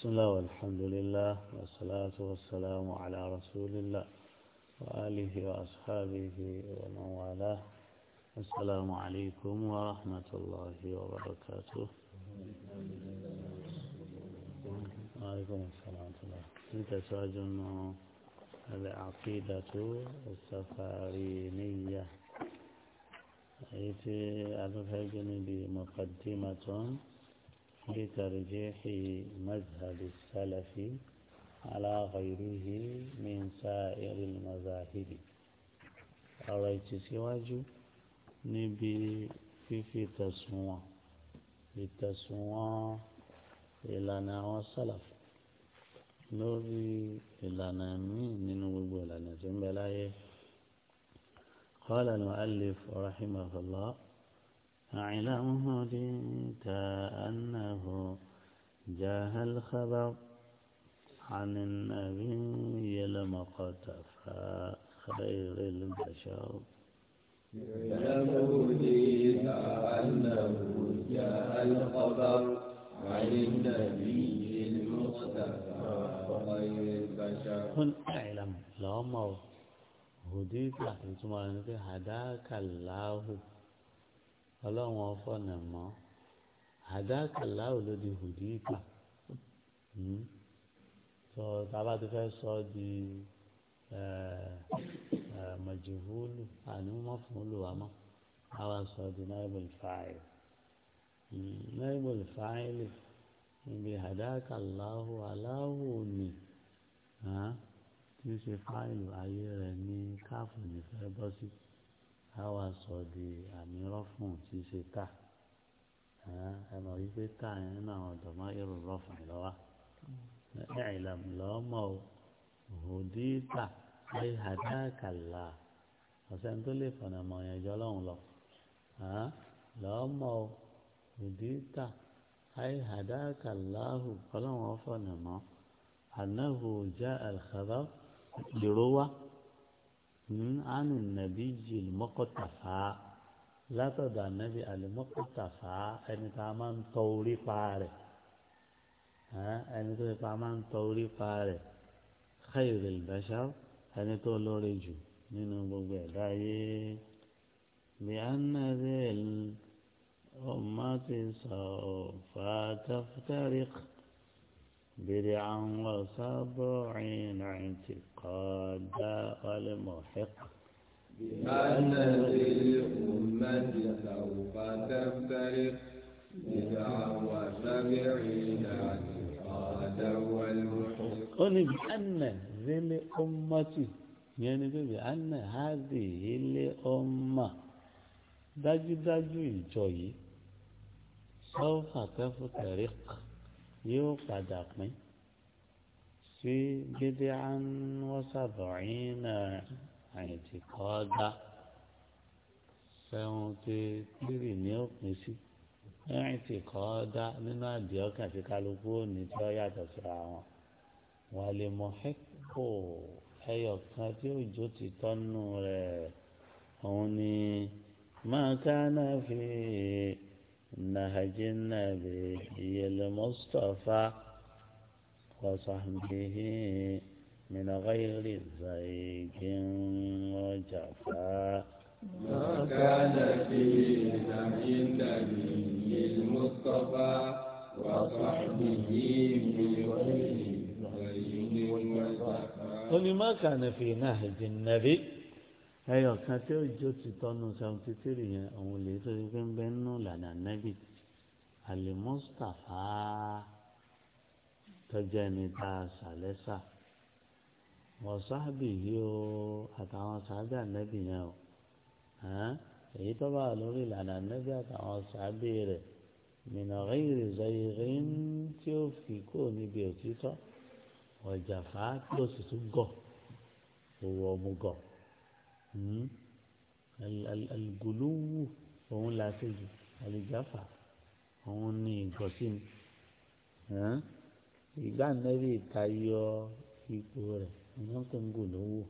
بسم الله والحمد لله والصلاة والسلام على رسول الله وآله وأصحابه ومن والاه السلام عليكم ورحمة الله وبركاته وعليكم السلام ورحمة الله نتساج العقيدة السفارينية أيتي أدفع جنبي مقدمة لترجيح مذهب السلف على غيره من سائر المذاهب ọ̀rọ̀ ìtẹ̀síwájú níbi fífi tẹ̀sùn wọn ìtẹ̀sùn wọn ìlànà àwọn sálàf lórí ìlànà míì nínú gbogbo ìlànà tó ń bẹ láyé قال المؤلف رحمه الله أعلمه جئت أنه جاه الخبر عن النبي المقتفى خير البشر أعلمه جئت أنه جاه الخبر عن النبي المقتفى خير البشر كن أعلم لا مر هديت إنتم هداك الله ọlọ́run ọfọ̀nà mọ́ àdákàlá òlòdì hùdíìkà tó tábà tó fẹ́ sọ di mọ̀jìhúlù àníwọ́n fún olùwàmọ́ àwa sọ di náírà ìfàáyé hmm, náírà ìfàáyé níbi àdákàláhù aláhù ni tí ń ṣe fáìlì ayé rẹ̀ ní káfù nífẹ̀ẹ́ bọ́ sí á wá sọ di àmì rọ́fùn tí í ṣe tà ẹ mọ̀ wípé tà nínú àwọn ọ̀dọ́mọ irú rọ́fùn lọ́wọ́ ẹ̀ẹ́lẹ̀m lọ́mọ òdì tà ẹ àdákàlà ọ̀sẹ̀ tó lè fọ̀nà mọ̀ yẹn jọ lọ́hùn lọ lọ́mọ òdì tà ẹ àdákàlà ọlọ́run ọ̀fọ̀nà mọ́ ànáhùn já àlùkàdá lèrò wá. عن النبي المقتفى لا تدع النبي المقتفى أن تعمل طوري فاره أن تعمل طوري فاره خير البشر أن تولوري رجو من أبو لأن ذي الأمة سوف تفترق بدعا وسبعين اعتقادا والمحق بأن للأمة سوف تفترق بدعا وسبعين اعتقادا والمحق قل بأن للأمة يعني بأن هذه الأمة داجي داجي جوي سوف تفترق yóò padà pín sí gbédé anwọ́sàbọ̀rin náà àyètí kọ́ dá seventy three ní òpin sí àyètí kọ́ dá nínú àdìẹ́ ọkàn tí kálukú òní tí ó yàtọ̀ síra wọn wàlẹ̀ mọ̀hẹ́kọ̀ ẹyọ tí òjò ti tọ́nu rẹ̀ òun ni máa نهج النبي المصطفى وصحبه من غير زيج وجفا ما كان في نهج النبي المصطفى وصحبه من غير زيج وجفا ولما كان في نهج النبي ẹyọ kan tí ó jó جوتي تونو سامتي تيري tonu seventy three yẹn òun lè tó ànábì alimustafa tọjá ẹni tá a sàlẹ́sà wọ́sáàbì yìí o àtàwọn sàábì ànábì yẹn o èyí tó bá lórí ìlànà ànábì àtàwọn sàábì rẹ̀ mìnàrí ìrìzọ̀yìrì tí ó fi kó níbi òtítọ́ ọ̀jàfà tí ó sì tún gọ̀ òwò ọ̀mùgọ̀ alguluwu òun la ṣe jù àlìjáfà òun ni ìgọ̀sí ni ìgbà nẹ́bí ìtayọ ipò rẹ̀ ìyẹn tó ń gò lówó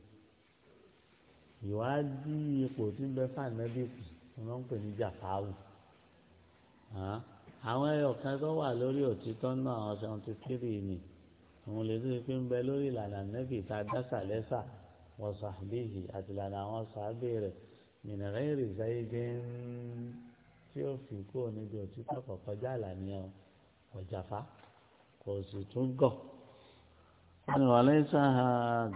ìwádìí ipò tí ń bẹ fànẹ́bí kù wọ́n ń pè ní jàfáwù àwọn ẹyọ kan tó wà lórí òtítọ́ náà àwọn seventy three ni àwọn lè tún fi ń bẹ lórí ìlànà nẹ́bí ìta dásàlẹ́sà wọ́n sàbíyì àtìlànà àwọn sàbí rẹ̀ mìnìrẹ́rì sáyé gẹ́ẹ́ tí ó fi kúrò níbi òtítọ́ kọ̀kọ́jà lànìyàn ọ̀jàfá kò sì tún gọ̀. wàlẹ́ sáà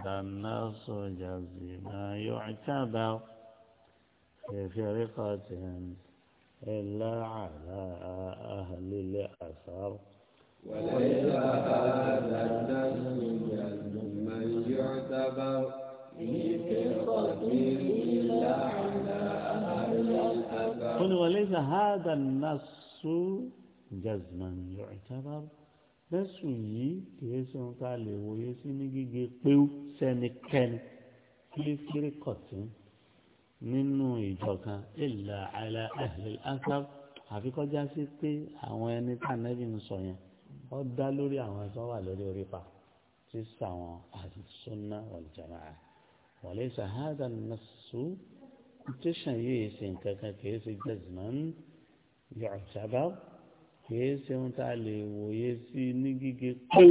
dáná sọ̀jà sí máa yọ ìtàbà kẹfì oríkọ̀ tì ń ilá àhàlílẹ̀ àṣàr. wàlẹ́ sáà dáná sọ̀jà sí máa yọ ìtàbà kẹfì ó ní wọlé ṣe hádà nàṣó jasman yu'tabar lẹ́sùn yìí kìí ṣe ohun tá a lè wòye sí ní gígé péw sẹ́nikẹ́ni kí kiri kọ̀tún nínú ìjọ kan ìlà àlà ahlil asab àfi kọjá sí pé àwọn ẹni tá ànábì ń sọ yẹn ó dá lórí àwọn ẹni tó wà lórí orí pa tí sàwọn àti sunna wal jamaa wọlé ṣe hádà nàṣó tẹsán yìí ṣe nǹkan kan kìí ṣe jẹsìmán yọ̀ọ̀sábà kìí ṣe ohun tá a lè wòye sí ní gígé pé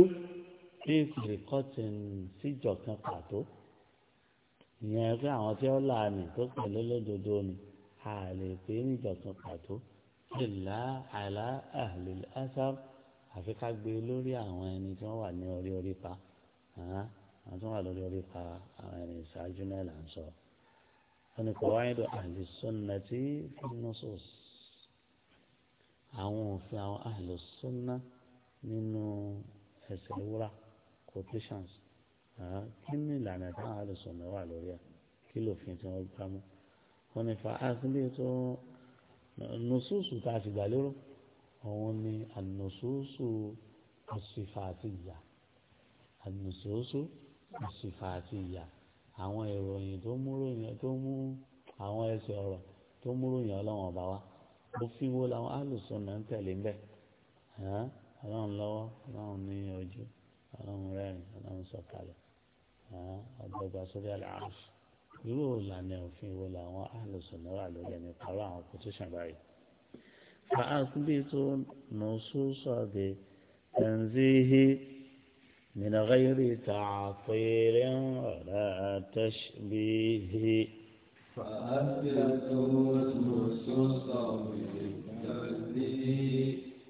bí ìfìrìkọ́tìn síjọ kan pàtó ìyẹn pé àwọn tí ó là ní tó pẹ̀lú lódodo ni a lè pè níjọ kan pàtó ìlà àlà àlè àṣà àfi ká gbé e lórí àwọn ẹni tí wọ́n wà ní orí orí pa àwọn tí wọ́n wà lórí orí pa àwọn ẹni ìṣáájú náà là ń sọ ẹni qawaid ahli sunnati fi nusus àwọn òfin àwọn ahli sunna nínú ẹsẹ̀ wúrà quotations kí ni ìlànà táwọn ahli sunna wà lórí ẹ̀ kí lófin tí wọ́n gbá mú wọn ni fa asílẹ̀ tó nususu tá a ti gbà lérò òun ni ànususu àsìfàtìyà ànususu àsìfàtìyà àwọn ìròyìn tó mú ròyìn tó mú àwọn ẹsẹ̀ ọ̀rọ̀ tó mú ròyìn ọlọ́run ọba wa ó fi wo làwọn alùsùn náà ń tẹ̀lé ń bẹ̀ ọlọ́run lọ́wọ́ ọlọ́run ní ojú ọlọ́run rẹ́rìn ọlọ́run sọ̀kalẹ̀ ọgbọgba sórí àlàáfíà irú ìlànà òfin wo làwọn alùsùn náà wà lórí ẹni pàrọ̀ àwọn pòtíṣàn báyìí. fàásùbí tó nù sùsọ̀ bíi tẹ̀ǹzíhì. من غير تعطيل ولا تشبيه فأثبته اسم السلطة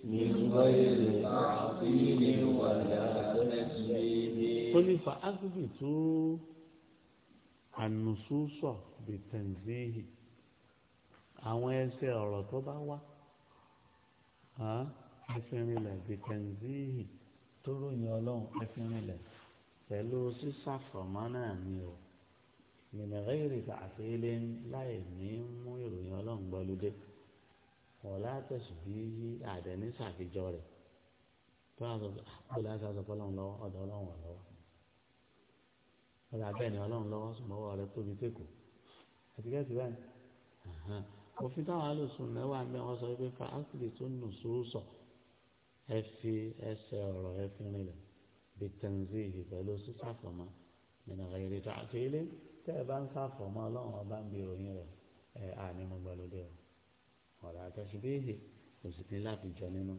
من غير تعطيل ولا تشبيه قل فأثبتوا النصوص بالتنزيه àwọn ẹsẹ̀ ọ̀rọ̀ tó bá wá ẹsẹ̀ rinlẹ̀ bìtẹ̀ǹzíhì tó ròyìn ọlọ́run ẹfínrin lẹ̀ pẹ̀lú sísàfọ̀mọ́ náà ni o mìnìrẹ́ ìrìkà àfẹ́lẹ́ láì ní mú ìròyìn ọlọ́run gbọ́lódé ọ̀la tẹ̀sùn bí àdẹ̀ní sàfijọ́ rẹ̀ tó a sọ àpò ah, láti aṣọ fọlọ́run lọ́wọ́ ọ̀dọ̀ ọlọ́run wà lọ́wọ́ ọ̀dọ̀ abẹ́ ni ọlọ́run lọ́wọ́ sùmọ́wọ́ rẹ tóbi tẹ́kọ̀ọ́ àti kẹ́sì báyìí òfin táwọn alùsùn náà wà ń bẹ́ wọn sọ pé fa áṣìlì tó nù sóòsọ̀ ẹ fi ẹsẹ̀ ọ̀rọ̀ ẹ fi rinlẹ̀ bí tẹ̀nzí pẹ̀lú sísàfọ̀mọ́ nínú ìrírí tó àti ilé tẹ́ ẹ bá ń sàfọ̀mọ́ ọlọ́run ọba ń bi ìròyìn rẹ̀ ẹ àní mo gbàlódé o ọ̀rọ̀ àtẹ̀sí béèrè kò sì ní láti jọ nínú.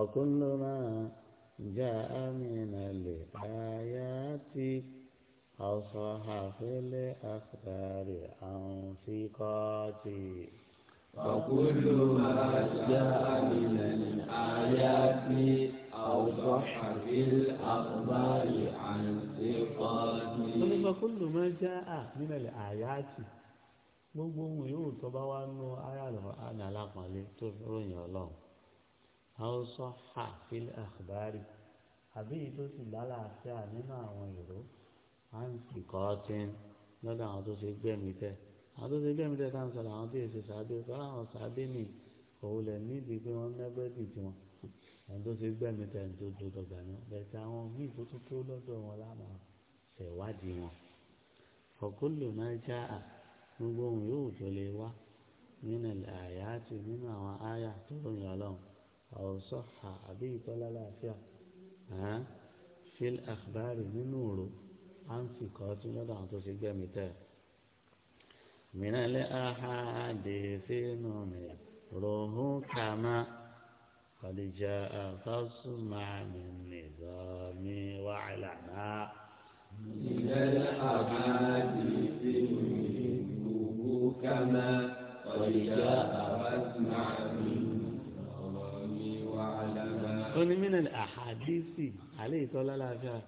ọ̀kún ló máa já àmìnà lè káyà tí ọ̀sán àfẹ́lẹ́ àkàrẹ̀ فكل ما جاء من الآيات أو صح في الأخبار عن صفاته فكل ما جاء من الآيات gbogbo ohun yòówù tó bá wá nú ayàlọ àná alápọ̀nlé tó ròyìn ọlọ́run àwọn sọ ha fil akhbari àbí èyí tó sì lálàáfíà nínú àwọn ìró à ń sì kọ́ ọtí lọ́dọ̀ àwọn tó ṣe gbẹ̀mí tẹ́ àwọn tó ṣe bí ẹ̀mí tẹ́ta ń sọ̀rọ̀ àwọn tí èsì sàábé sọ̀rọ̀ àwọn sàábé nì òun lẹ̀ nídìí pé wọ́n nẹ́gbẹ́dì tí wọn àwọn tó ṣe gbẹ̀mí tẹ̀yìn tó do dọ̀gbà náà bẹ̀tẹ̀ àwọn míì tó tún tó lọ́dọ̀ wọn láwọn ṣèwádìí wọn. ọ̀kúlù náà já à gbogbo ohun yóò tó lè wá nínú àyà àti nínú àwọn àyà tó ròyìn ọlọ́run àwòsàn àbí ìtọ́lá láàfíà fíl àkàbárì nínú òru à ń fi kọ́ ọtún lọ́dọ̀ àwọn tó ṣe gbẹ̀mí tẹ̀yìn. من الأحاديث روح كما قد جاء فاسمع من نظامي واعلنا من الأحاديث روح كما قد جاء فاسمع من نظامي واعلنا من الأحاديث عليه صلى الله عليه وسلم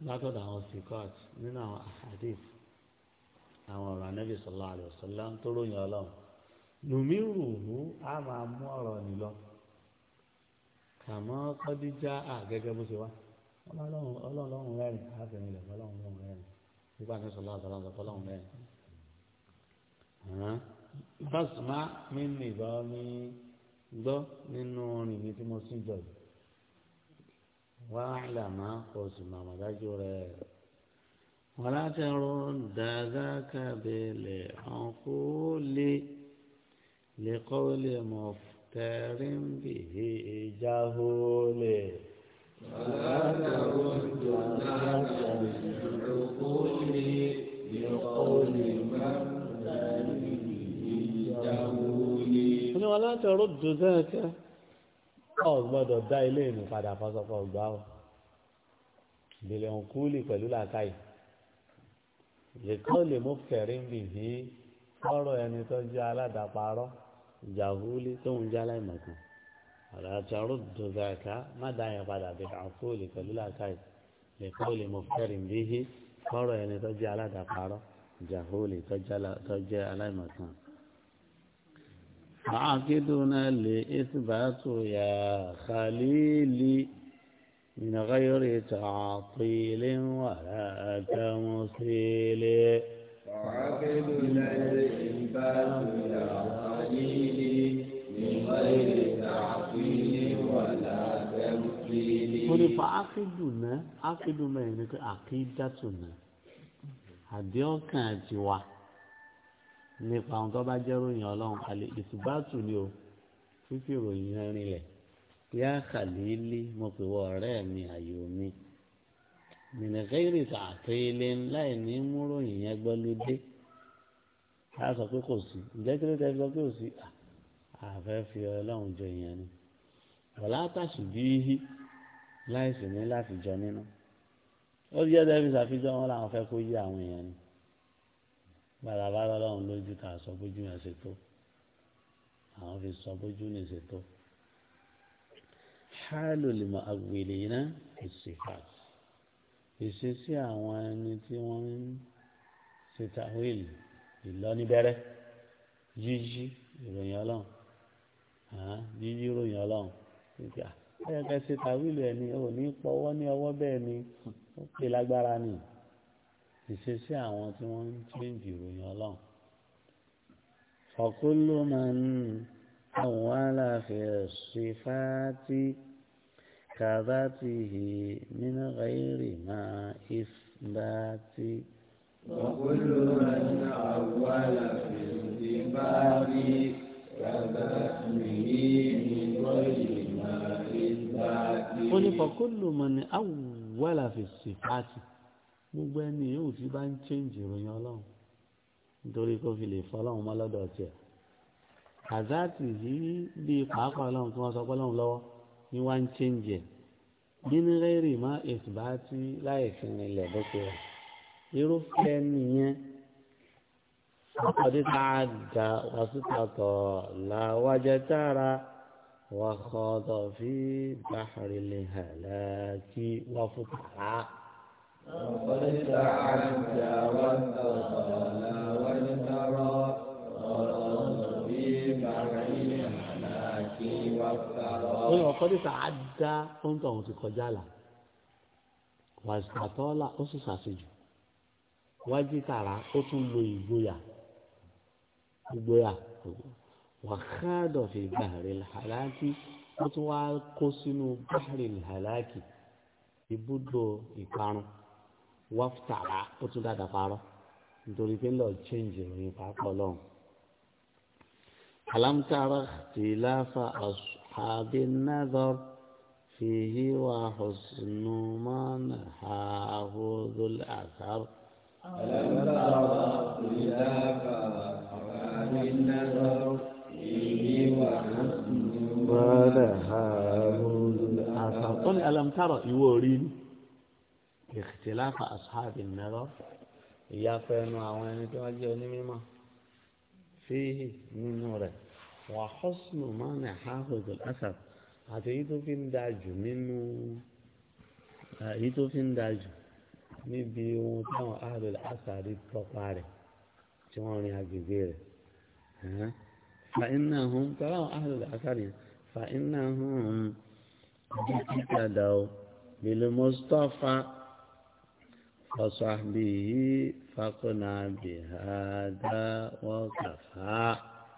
لا تدعوا الثقات من الأحاديث àwọn ọ̀rọ̀ anábì sọlá àlẹ́ ọ̀sọ́lá tó ròyìn ọlọ́run lùmí rùhù á máa mú ọ̀rọ̀ nì lọ kàmọ́ kọ́díjà à gẹ́gẹ́ bó ṣe wá ọlọ́run rẹ́rìn àfẹ́yìn ilẹ̀ ọlọ́run rẹ́rìn nígbà tí sọlá àtàlà ń sọ ọlọ́run rẹ́rìn. bàtùmá mi ní ìbá mi gbọ́ nínú orin mi tí mo sì jọ yìí wàhálà máa kọ̀ sí màmá dájú rẹ̀. ولا ترد ذاك بالعقول لقول مفتر به جهول ولا ترد ذاك بالعقول لقول مفتر به جهول ولا ترد ذاك ọ̀ gbọ́dọ̀ dá ilé ìmú padà fọ́sọ́fọ́ gbá ọ̀ bèlè òǹkúlì pẹ̀lú làákàyè lèkọ́ lè mú kẹrin bìbí ọ̀rọ̀ ẹni tó jẹ́ aládàparọ́ jàhúlí tó ń jẹ́ aláìmọ̀kan àràtàrú dùdàkà má dáyẹn padà bí àfúlì pẹ̀lú làkàì lèkọ́ lè mú kẹrin bìbí ọ̀rọ̀ ẹni tó jẹ́ aládàparọ́ jàhúlí tó jẹ́ aláìmọ̀kan. àkídùnà lè ìsìbàtò yà kàlílì. من غير تعطيل ولا تمثيل وعقد الإنفاس يا خليلي من غير تعطيل ولا تمثيل كل فعقدنا عقد ما يعني عقيدتنا àdéhùnkàn tiwa nípa àwọn tó bá jẹ́ ròyìn ọlọ́run àlè ìsìbátù ni o fífi ròyìn rinlẹ̀ yá kàlílì mo pè wọ ọ̀rẹ́ mi àyò mi mìnìkẹ́rì tààtẹ́ ilé láì ní múròyìn yẹn gbọ́lódé a sọ pé kò sí ǹjẹ́ kí ló tẹ́ fi sọ pé kò sí àfẹ́ fi ọlọ́run jọ ìyẹn ni ọ̀la tàṣù bí ihi láì sì ní láti jọ nínú ó yẹ tẹ́ fi ṣàfihàn wọn làwọn fẹ́ kó yí àwọn èèyàn ni gbàdàbà lọ́lọ́run lójú tà sọ bójú yẹn ṣètò àwọn fi sọ bójú yẹn ṣètò hálò lè mọ àgbèlè iná ìsìfàt ìṣesí àwọn ẹni tí wọ́n ń ṣe tàwíìlì ìlọ́níbẹ̀rẹ̀ jíjí ìròyìn ọlọ́run jíjí ìròyìn ọlọ́run ìgbà ẹ̀ka ṣe tàwíìlì ẹni ò ní pọ́wọ́ ní ọwọ́ bẹ́ẹ̀ ni ó pè lágbára ni ìṣesí àwọn tí wọ́n ń chíǹjì ìròyìn ọlọ́run fọkúlùmọ̀ àwọn aláfẹ́ sífáàtì. كذاته من غير ما إثبات وكل من أول في الانتباه كذاته من غير ما إثبات قل فكل من أول في الصفات gbogbo ẹni yóò ti bá ń chẹ́ǹjì ìròyìn ọlọ́run nítorí kó fi lè fọ́ ọlọ́run mọ́ lọ́dọ̀ tiẹ̀ àzáàtì yìí bíi pàápàá ọlọ́run tí wọ́n sọ pé ọlọ́run lọ́wọ́ ní wá ń chẹ́ǹjẹ̀ nínú rẹ́rì má ìtùbá tí láì fi rinlẹ̀ bó ṣe rẹ̀ irúfẹ́ nìyẹn ọdún tá a dà wàsítàtọ̀ làwájẹ tára wàkọ̀ọ̀tọ̀ fi bàárí lè hà láàkí wà fún ọdún tá a dà wàsítàtọ̀ làwájẹ tára. ó yàn ọ̀kọ́ níta á dá oúnjẹ ọ̀hún ti kọjá là wàsíkàtọ́lá ó sì ṣàṣejù wájú tààrà ó tún lo ìgboyà ìgboyà wàhádọ̀ fi gbàrí làlákì ó tún wá kó sínú gbàrí làlákì ibùdó ìparun wàfùtàrà ó tún dáadáa parọ́ nítorí pé lọ́ọ́ chẹ́ǹjì ìròyìn pàápàá lọ́hùn. alámtàrà tìláfà أصحاب النذر فيه وحسن من حاه ذو الأثر ألم ترى إلى أصحاب النذر فيه وحسن من حاه ذو الأثر قل ألم ترى يورين اختلاف أصحاب النذر يا فين وعوانك مما فيه من نورك وحسن مانع حافظ الأسد عتيدو فين داجو منو عتيدو فين من نبيو تاو أهل الاثر التطاري جواني هاكي زير فإنهم تراو أهل الاثر فإنهم اتدوا بالمصطفى وصحبه فقنا بهذا وكفى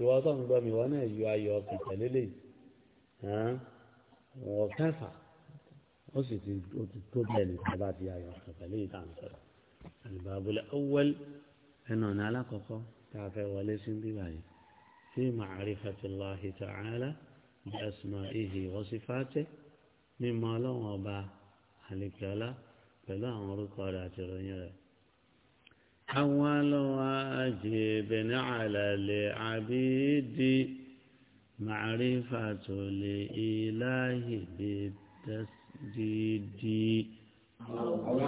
ìwọ tó ń gbọ́ mi ìwọ náà yọ ayọ̀ ọkàn pẹ̀lú eléyìí wọ́n kẹfà ó sì ti tó bẹ́ẹ̀ ní bàbá ti ayọ̀ ọkàn pẹ̀lú èyí tá à ń sọ̀rọ̀ àlùbábọ́lẹ̀ ọwọ́l ẹnu ọ̀nà alákọ̀ọ́kọ́ tá a fẹ́ wọlé sí bíbá yìí fi ma'rifatillahi ta'ala bi asma'ihi wa sifatihi mímọ̀ ọlọ́run ọba àlèkè ọlá pẹ̀lú àwọn orúkọ rẹ̀ àti ìròyìn rẹ̀ أول واجب على العبيد معرفة الإله بالتسجيد أول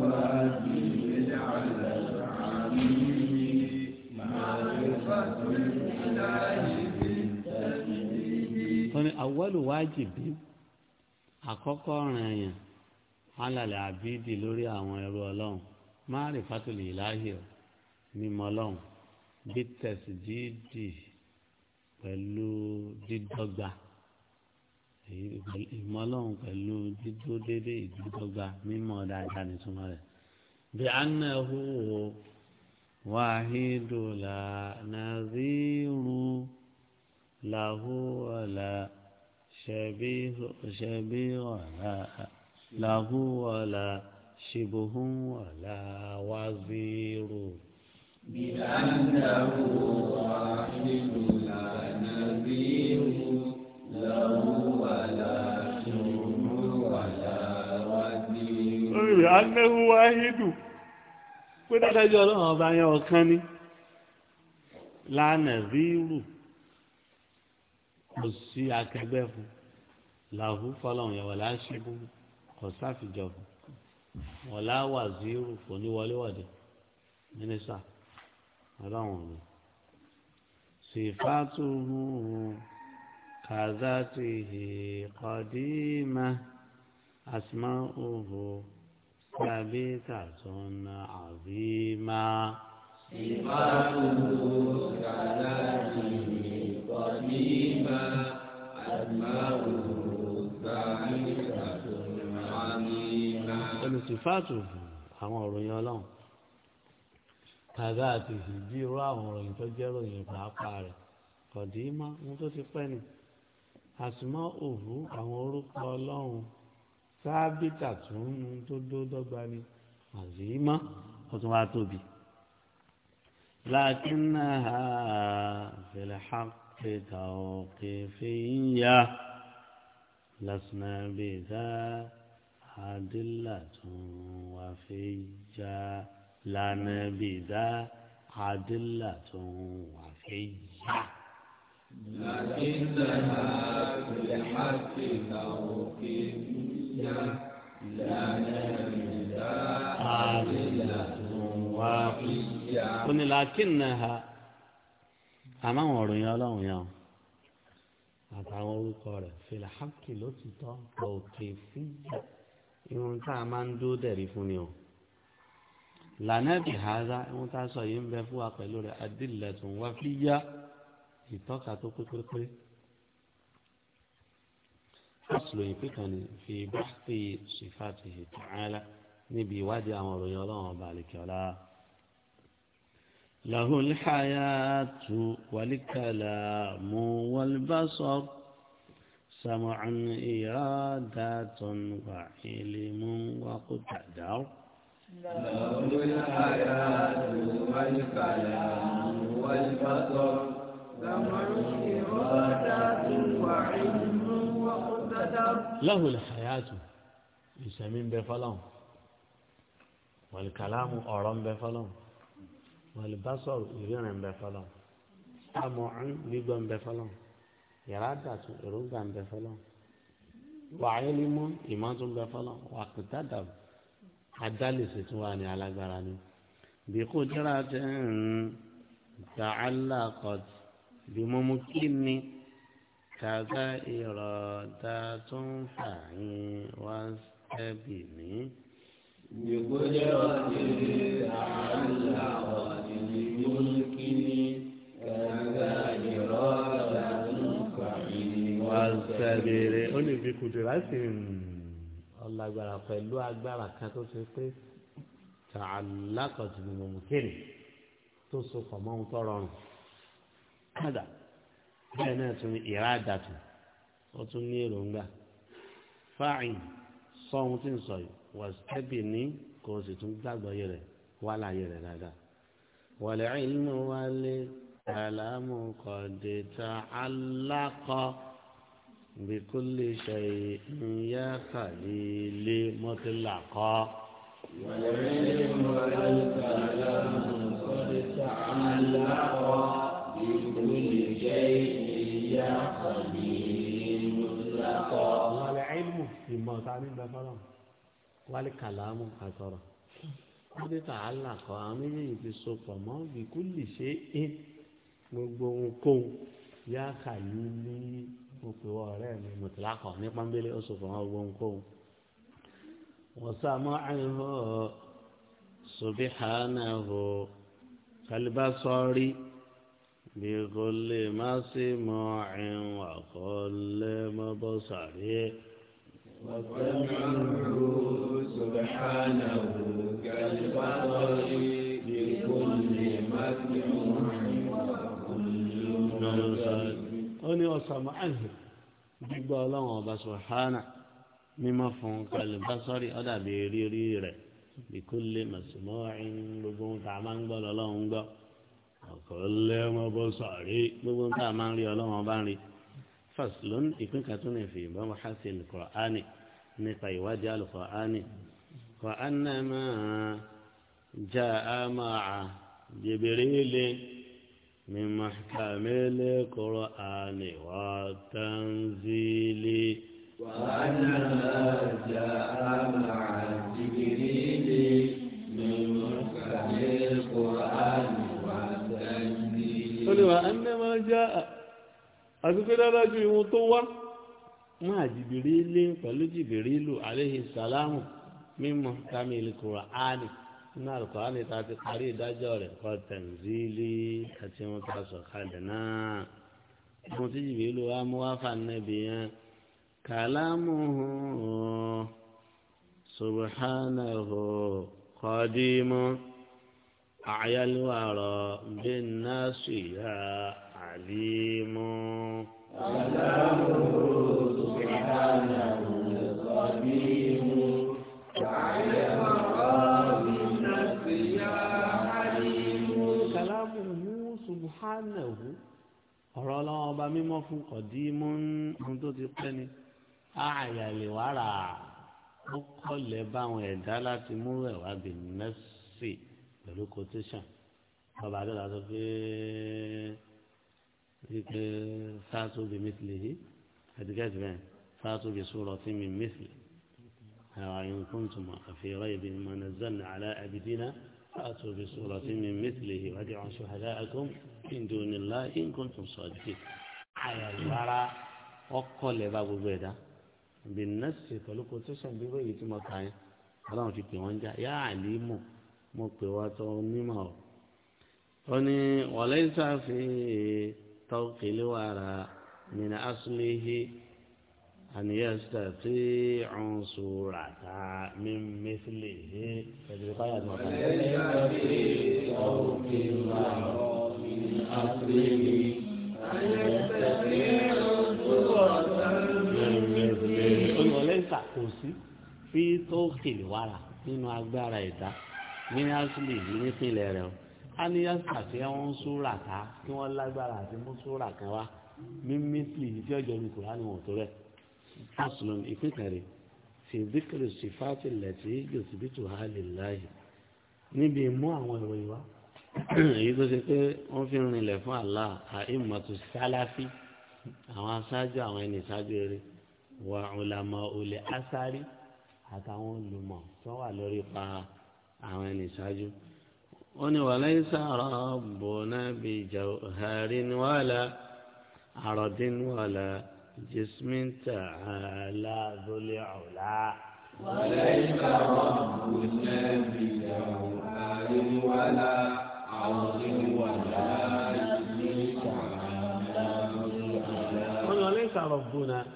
واجب على العبيد معرفة الإله بالتسجيد أول واجب أكوكو على العبيد لوري أمر الله máàrífàtò lè láàyè ọ mímọ̀ Ọlọ́run bí tẹsí dídì pẹ̀lú dídọ́gba ìmọ̀ Ọlọ́run pẹ̀lú dídó dédé ìdídọ́gba mímọ̀ dáadáa nìtúmọ̀ rẹ̀ bí anáhù wàhídùlà nàzírù làhùwàlà ṣẹbíhùlà làhùwàlà ṣibùhún ولا وزير zero. بأنه واحد لا نظير له ولا شبه ولا وزير. بأنه واحد pé dájú ọlọ́run ọba yẹn ọ̀kan ni lánàá rírù kò sí akẹgbẹ́ fún làhùn fọlọ́run yẹn wọ̀ láṣìbù kò sáfìjọ fún wọlá wàzírù kò ní wọlé wọ̀de mínísà ọlọ́run mi sìfàtúhù kàzátìhì kọ́dìmá asmáhùhù tàbí tàtúnà àbímá. sìfàtúhù kàzátìhì kọ́dìmá asmáhùhù tàbí ni sífàtù àwọn òròyìn ọlọ́run kàdá àti ìbí irú àwọn òròyìn tó jẹ́ ròyìn pàápàá rẹ̀ kọ̀dí mọ́ ohun tó ti pẹ́ ni àsùnmọ́ òwú àwọn orúkọ ọlọ́run sábìtà tó ń nu tó dó ni àzìmọ́ ó wá tóbi. لكنها في الحق توقيفية لسنا بذات أدلة وفيا لنا بدا أدلة وفيا لكنها بالحق توقيفية لنا بدا أدلة وفيا قلنا لكنها àmọ́ àwọn ọ̀rọ̀ yẹn ọlọ́run yẹn àtàwọn orúkọ rẹ̀ fìlà hákì ló ti tọ́ òkè fíjà irun tá a máa ń dó dẹ̀rí fún ni o lànà bí haza irun tá a sọ yìí ń bẹ fún wa pẹ̀lú rẹ̀ adílẹ̀ tó ń wá fi yá ìtọ́ka tó pé pépé fásilò yìí ní fi báàkì sífàtì ta'ala níbi ìwádìí àwọn òròyìn ọlọ́run ọba àlìkẹ́ọ́lá. له الحياة والكلام والبصر سمعا إرادة وعلم وقدر له الحياة والكلام والبصر سمع إرادة وعلم وقدر له الحياة يسمين بفلام والكلام أرام بفلام والبصر يرين بفلام سمع نيبان بفلام yàrá dàtú èròǹgbà ń bẹ fọlọ wàá yẹlímọ ìmọ tó ń bẹ fọlọ wàá kìtà dàbò adálèsè tí wàá ní alágbára ni bí kò dára tẹ ń ta alákọt bí mo mú kí ni kàkà ìrọ̀ tó ń fà yín wá ẹbí mi. bí kò dára tẹ ń ta alákọt bí mo mú kí ni. lè fi kùdìrà sí ọlágbára pẹ̀lú agbára kan tó ṣe pé tààlákọ̀tì ni mọ̀mùkìnì tó so pọ̀ mọ́ ohun tó rọrùn kádà bẹ́ẹ̀ náà tún ìrá àdàtù ó tún ní èròǹgbà fáàyìn sọ ohun tí ń sọ yìí wàsítẹ́bì ní kò sì tún gbàgbọ́ yẹ rẹ̀ wà láàyè rẹ̀ dáadáa wàlẹ́ ìlú wálé kàlámù tààlákọ̀ọ́. بكل شيء يا خليل مطلقا والعلم والكلام قد تعلقا بكل شيء يا خليل مطلقا والعلم ما تعالي بفرم والكلام أثرا قد تعلقا عمي في الصفة بكل شيء gbogbo ohunkóhun yá kàlí ní mo pè wọ ọ̀rẹ́ mi mùtìlákọ̀ ní pọ́nbélé ó sọ fún ọgbọ́n kóhun wọ́n sá mọ́ àyẹ̀wò subhanahu kalibasọ́rí bí kò lè má sí mọ́ sàrí. وسمعه سبحانه كالبصر ní ọ̀sàmù àhì gbígbọ́ ọlọ́run ọba sọ̀hánà mímọ́ fún kálíbásọ́rì ọ̀dàbí rírí rẹ̀ bíkúlé màsímọ́rin gbogbo ń ta máa ń gbọ́ lọ́lọ́run gbọ́ ọ̀kọ́lẹ́ wọn bó sọ̀rí gbogbo ń ta máa ń rí ọlọ́run ọba ń rí faslun ìpín kan tún lè fi ìbọn wá sí alukọ̀ánì nípa ìwádìí alukọ̀ánì kọ̀ánà máa já a máa jẹ̀bẹ̀rẹ̀ lé. wa Wa ekụr anị tazile akụkọtwa adrlekaljibri lu adịghị tala ahụ ma jibiri jibiri ilu kamelkụrụ anị nínú àlùkòrán ni ta ti parí ìdájọ́ rẹ̀ kọ́ tẹ̀nzílì àti wọn ta sọ̀kalẹ̀ náà mo ti jìbì lu amúwáfà nẹ́bi yẹn kàlámùhù subhanahu qadimu àyálùwàrọ̀ bí násìyà àlímù. kàlámùhù. subhanahu ọ̀rọ̀ ọlọ́wọ́ ọba mímọ́ fún ọ̀dí mú ohun tó ti pẹ́ ni àyàlè wàrà ó kọ́lẹ̀ báwọn ẹ̀dá láti mú ẹ̀wà bì mẹ́sì pẹ̀lú quotation ọba adọ́là sọ pé wípé fáàtó bí mísìlì yìí ẹ̀dígẹ́tì bẹ́ẹ̀ fáàtó bí sọ̀rọ̀ tí mi mísìlì ẹ̀wà yín kúntùmọ̀ àfihàn ìbí mọ̀nà zanna alẹ́ àbídínà. فأتوا بسورة من مثله ودعوا شهداءكم من دون الله إن كنتم صادقين على الورى وقل باب بيدا بالنفس فلقوا تشن ببيت مكان ọlọ́run fi pè wọ́n já yá àlímọ̀ mo pè wá tọ́ onímọ̀ ọ́ ó ní àni yastati'u surata min mithlihi ẹ̀dùn káyà ní ọ̀tá. olùwọlẹ́sà kò sí fi tó kìlì wàrà nínú agbára ìdá nínú asìlì yìí nípìnlẹ̀ rẹ̀ o aniyan àfihàn súrà ká kí wọ́n lágbára àti mú súrà kan wá mímísìlì tí ọjọ́ ní kùránì wọn tó rẹ̀ fásilọ̀n ìpínkàrẹ̀ fi bíkìrì sífàtì lẹ́tì yòtìbítù ha lè láàyè níbi mú àwọn ìròyìn wá èyí tó ṣe pé wọ́n fi rinlẹ̀ fún àlá àìmọ̀tò sálàfí àwọn aṣáájú àwọn ẹni ìṣáájú eré wà ọ̀làmọ̀ olè ásárí àtàwọn olùmọ̀ tó wà lórí pa àwọn ẹni ìṣáájú. wọ́n ní wàlẹ́ ìṣàrọ̀ bò náà bíi jàù hàrin wàlà àròdín wàlà. جسم تعالى ذو العلا وليس ربنا بذو آل ولا عرض ولا وليس ربنا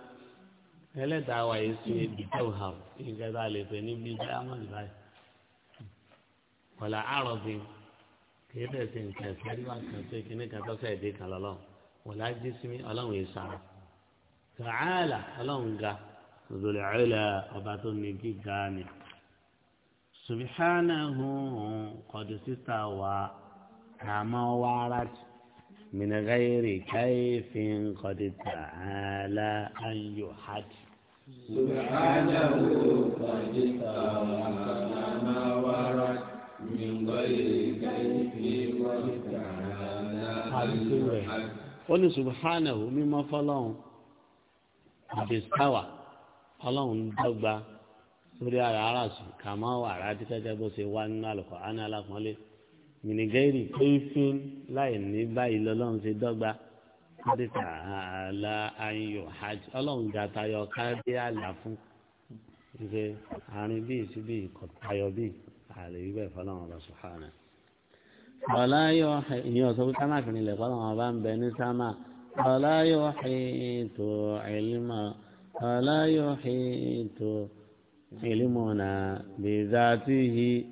هل دعوة يسمي بتوهر إن كذلك نبي تعمل بها ولا عرض كيف سنكسر وكسر كنك تسعدك على الله ولا جسمي ألم يسعر tààlà ọlọ́run ga òdòlè àìlà ọba tó ní gíga ni subhanahu qadisita wa àmọ́ wàrà min ghayri kayfin qad ta'ala an yuhad. subhanahu qadisita wa àmọ́ wàrà min ghayri kayfin qad ta'ala an yuhad. ó ní subhanahu mímọ́ fọlọ́hún àbẹ̀sáwà ọlọ́run dọ́gba lórí ara ara sùn kà má wà rà díkẹ́kẹ́ bó ṣe wá nínú àlùkò àná alákùnrin mìnìgẹ́rì kéfín láì ní báyìí lọ́lọ́run ṣe dọ́gba lórí tààlà ayọ̀ hajj ọlọ́run ga tayọ kárí àlà fún ṣe àárín bíi sí bíi kọ̀tayọ bíi àlè yìí bẹ́ẹ̀ fọlọ́run ọba sùhánà. ọ̀la yọ ìyẹn ọ̀sọ́ sámà kìnìlẹ̀ fọlọ́run ọba ń bẹ ní sámà. فلا يحيط علما فلا يحيط علمنا بذاته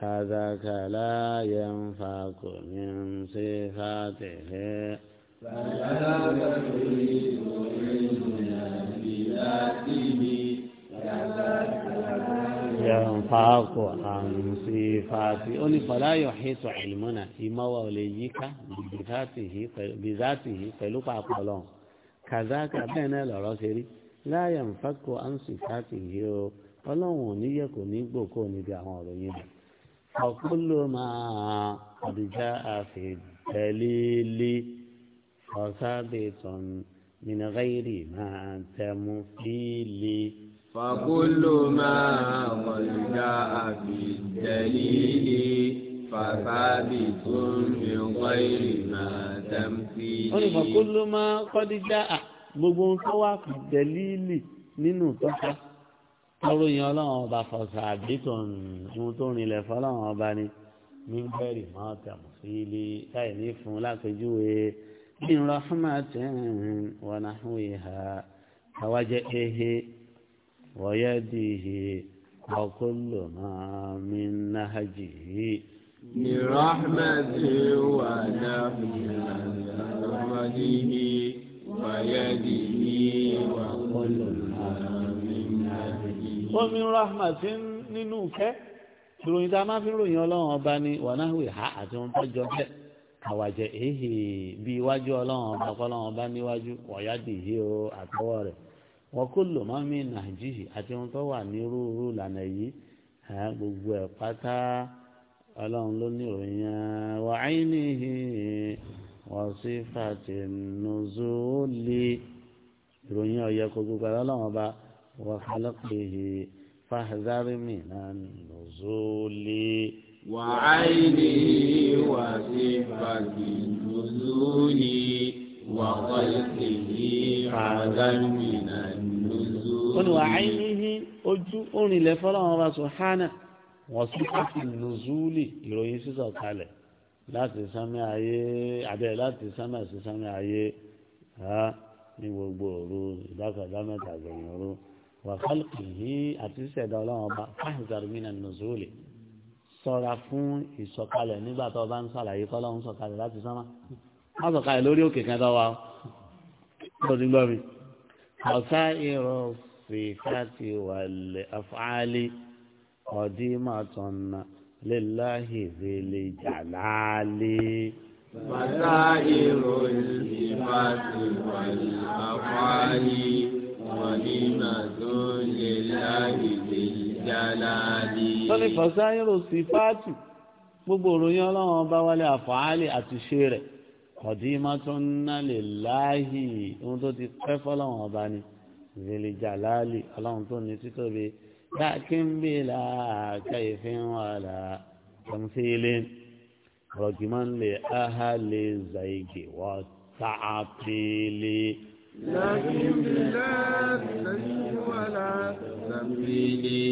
كذاك لا ينفك من صفاته فلا يحيط علمنا بذاته كذاك لا ينفك عن sèfàtì ó ní fàlàyọ̀ hìtò ìlmọ́nà ìmọ̀wá ò lè yíká bìzáàtì yìí pẹ̀lú pàápàá ọlọ́run kàzáàkà bẹ́ẹ̀ náà lọ̀rọ̀ ṣe rí láàyè nfàkó ansìfàtì yìí o ọlọ́run ò ní yẹ kò ní gbòkó níbi àwọn ọ̀rọ̀ yìí rẹ̀ ọ̀kúlò máa àdìjá àfẹ́tẹ́lélé ọ̀sábẹ̀tàn mìnàgáyìrì máa tẹ̀mú fílé. فكل ما ولجا في الدليل فثابت من غير ما تمثيل فكل ما قد جاء gbogbo ń tọ́wà fi dẹ́líìlì nínú tọ́ka tọ́rọ yẹn ọlọ́run ọba fọ̀sà àdìtọ̀ ohun tó rinlẹ̀ fọlọ́run ọba ni mímbẹ́rì máa tẹ̀mọ̀ sí ilé láì ní fún lápẹjúwe bí nrọ̀ fún máa tẹ̀ ń wọnà fún ìhà àwájẹ́ ehe. ويده وكل ما من نهجه برحمته ونفسه ورحمته ويده وكل ما من نهجه ومن رحمة ننوك ìròyìn tá a máa fi ń ròyìn ọlọ́run ọba ni wọnáhùn ìhà àti ohun tó bẹ́ẹ̀ àwàjẹ èhè bí iwájú ọlọ́run ọba kọ́ ọlọ́run ọba níwájú wọ̀yádìí o àtọwọ́ rẹ̀ wọn kò lò mọ́ mí nàìjíríì àti ohun tó wà ní rúurú lànà yìí gbogbo ẹ̀ pátá ọlọ́run ló ní òyìn wà á ní wọ́n sì fàtì nùzúlì ìròyìn ọ̀yẹ́ kò gbogbo ẹ̀ ọlọ́run ọba wọ́n kálọ́pẹ̀ fàhàzárì mi náà nùzúlì. wà á ní wọ́n sì fàtì nùzúlì wà á kọ́lé kìí fàhàzárì mi náà olùwà àìníhí ojú orinlẹ̀ fọlọ́wọn bá subhana wọ́n sì káfí nùzúlì ìròyìn sísọ kalẹ̀ láti sámi ayé abẹ́ láti sámi àti sámi ayé ha ní gbogbo òru ìdákọ̀dá mẹ́ta gbẹ̀yìn òru wà kálùkìhí àti ṣẹ̀dá ọlọ́wọ́n bá fáhìntàrí mí nà nùzúlì sọ̀ra fún ìsọ̀kalẹ̀ nígbà tó bá ń sàlàyé fọlọ́wọn sọ̀kalẹ̀ láti sámà wọ́n sọ̀kalẹ̀ lórí òkè kẹta wa ó ti gbọ́ mi ọ̀sá ìrọ̀ التصريفات والأفعال قديمة لله ذي الجلال مسائر الصفات والأفعال قديمة لله ذي الجلال sọ́ni fọ̀sáyìrò sífáàtì gbogbo òròyìn ọlọ́run ọba wálé àfàálì àtiṣe rẹ̀ kọ̀dí mọ́tò ń nálè láàyè ohun tó ti pẹ́ fọ́lọ́run ọba ni zilijalali ọlọ́run tó ní títóbi dákínbìlà kẹfìn wàlà tẹmfìlì rọgìmọ́nlé ahàlè zaigi wọ́n tààpìlì. dákínbìlà kẹfìn wàlà tẹmfìlì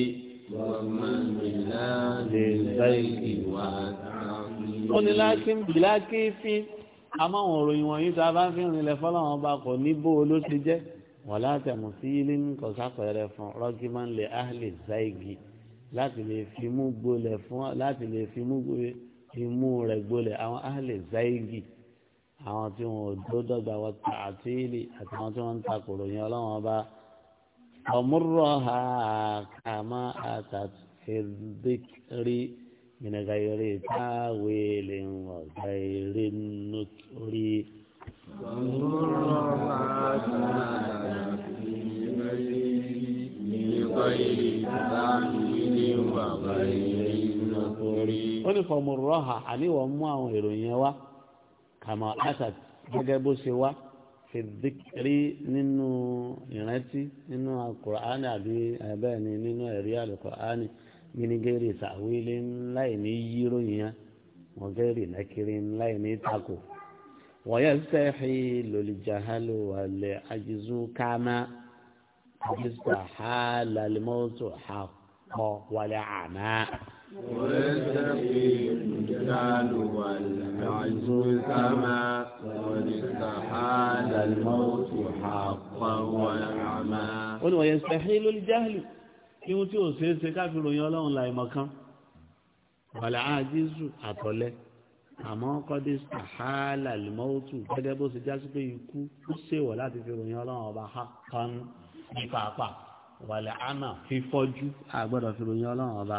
rọgìmọ́nlé ahàlè zaigi wọ́n tààpìlì. ó ní lákínbìlà kẹfìn àmọ́ àwọn òròyìn wọ̀nyí tá a bá ń fi rìnlẹ̀ fọ́lọ́wọn ọba kò ní bó o ló ti jẹ́ wọn látẹ̀mú sí ilé nǹkan sápẹ̀rẹ̀ fún rọ́gímọ́n lè áhìlì záìgì láti lè fi mú gbolẹ̀ fún láti lè fi mú imú rẹ̀ gbolẹ̀ àwọn áhìlì záìgì àwọn tí wọn ò dódọ́gba wọn ta àtìlì àti àwọn tí wọn ń ta kòrò yẹn ọlọ́wọ́n bá ọmúrò ha kàmá àtàtìrí ìnàgàyèrè táwé lè wọ̀ gàyèrè nù. kàrọ́hà àníwọ̀ mú àwọn ìròyìn yẹn wá kàmọ́ asad gẹ́gẹ́ bó ṣe wá fìdíkìrí nínú ìrántí nínú alukur'ani àbí bẹ́ẹ̀ ni nínú ẹ̀rí alukur'ani gínígẹ́rì sàwílé láì ní yíró yẹn wọ́n gẹ́rì lẹ́kìrì láì ní tako wọ́yẹ̀ sẹ́hì lòlìjàhálò kámá ويستفي الجبال والعز كما قد استحال الموت حقا ونعما قل ويستحيل الجهل ihun tí ò ṣeé ṣe ká fi ròyìn ọlọ́run la ìmọ̀ kan wàlẹ̀ àjíṣù àtọ̀lẹ́ àmọ́ kọ́dé sàhálà lìmọ́tù gẹ́gẹ́ bó ṣe já sí pé ikú ó ṣèwọ̀ láti fi ròyìn ọlọ́run ọba ha kan ní pàápàá wàlẹ̀ àmà fífọ́jú àgbọ́dọ̀ fi ròyìn ọlọ́run ọba.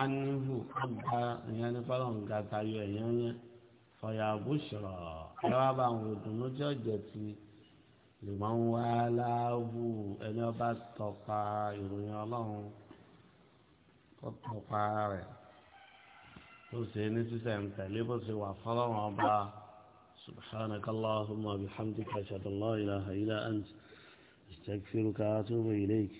anihu ọgbà ìyẹn ní fọlọ́n ga tayọ ẹ̀yẹ́ yẹn fọyà bùsùrọ̀ ẹ wá bá àwọn òdùnnú tí ọ̀jẹ̀ ti lèmọ̀n wá láàbù ẹni ọba tọpa ìròyìn ọlọ́run tó tọpa rẹ̀ tó ṣe ní sísẹ̀ ń tẹ̀lé bó ṣe wà fọlọ́run ọba سبحانك اللهم وبحمدك أشهد أن لا إله إلا أنت أستغفرك وأتوب إليك